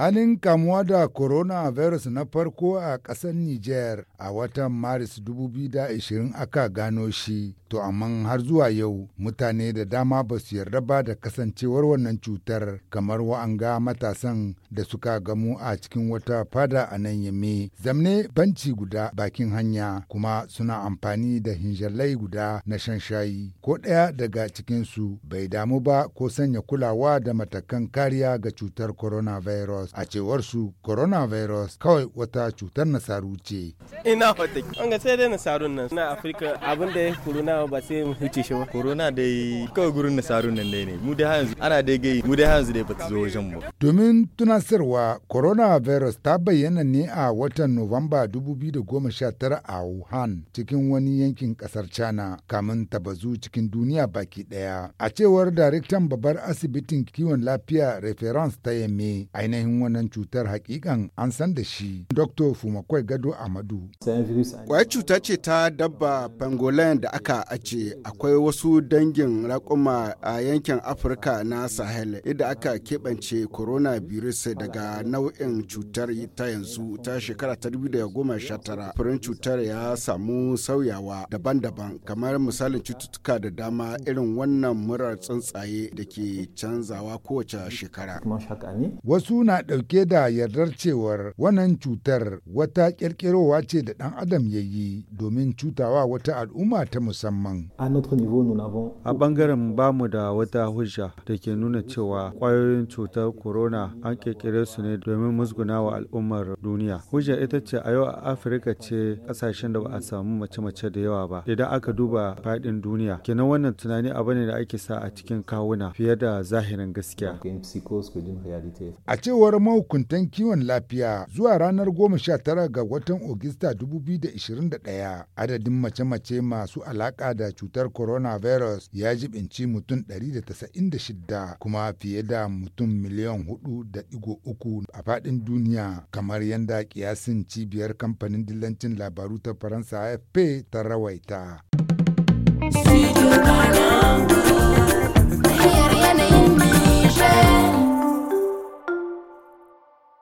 Halin kamuwa da coronavirus na farko a ƙasar Nijar a watan Maris 2020 aka gano shi, to amma har zuwa yau mutane da dama ba su yarda ba da kasancewar wannan cutar kamar wa'anga matasan da suka gamu a cikin wata fada a nan yame zamne banci guda bakin hanya kuma suna amfani da hinjalai guda na shan shayi ko ɗaya daga cikinsu bai damu ba ko sanya kulawa da matakan kariya ga cutar coronavirus. coronavirus a cewar su coronavirus kawai wata cutar nasaru ce ina hotik. an ga sai dai nasarun nan na afirka abin da ya corona ba sai mu huce shi ba corona dai kawai gurin nasarun nan ne mu dai yanzu ana dai gai mu dai yanzu dai bata zo wajen mu domin tunasarwa coronavirus ta bayyana ne a watan nuwamba 2019 a wuhan cikin wani yankin kasar china kamun ta bazu cikin duniya baki daya a cewar daraktan babbar asibitin kiwon lafiya reference ta yamme ainihin wannan cutar hakikan an san da shi. Dr. Fumakwai Gado Amadu. Kwayar cuta ce ta dabba pangolin da aka ace akwai wasu dangin raƙuma a yankin Afirka na Sahel inda aka keɓance coronavirus daga nau'in cutar ta yanzu ta shekara ta 2019. Furin cutar ya samu sauyawa daban-daban kamar misalin cututtuka da dama irin wannan murar tsuntsaye da ke canzawa kowace shekara. Wasu na ɗauke da yardar cewar wannan cutar wata ƙirƙirowa ce da ɗan adam ya yi domin cutawa wata al'umma ta musamman. A ɓangaren bamu da wata hujja da ke nuna cewa ƙwayoyin cutar corona an ƙirƙire su ne domin musguna wa al'ummar duniya. Hujja ita ce a yau a Afirka ce ƙasashen da ba a samu mace-mace da yawa ba idan aka duba faɗin duniya. Kenan wannan tunani abu ne da ake sa a cikin kawuna fiye da zahirin gaskiya. A cewar mahukuntan kiwon lafiya zuwa ranar 19 ga watan Ogista 2021 adadin mace-mace masu alaƙa da cutar coronavirus ya jibinci mutum 196 kuma fiye da mutum miliyan 4.3 a faɗin duniya kamar yadda kiyasin cibiyar kamfanin dillancin labaru ta Faransa AFP ta rawaita.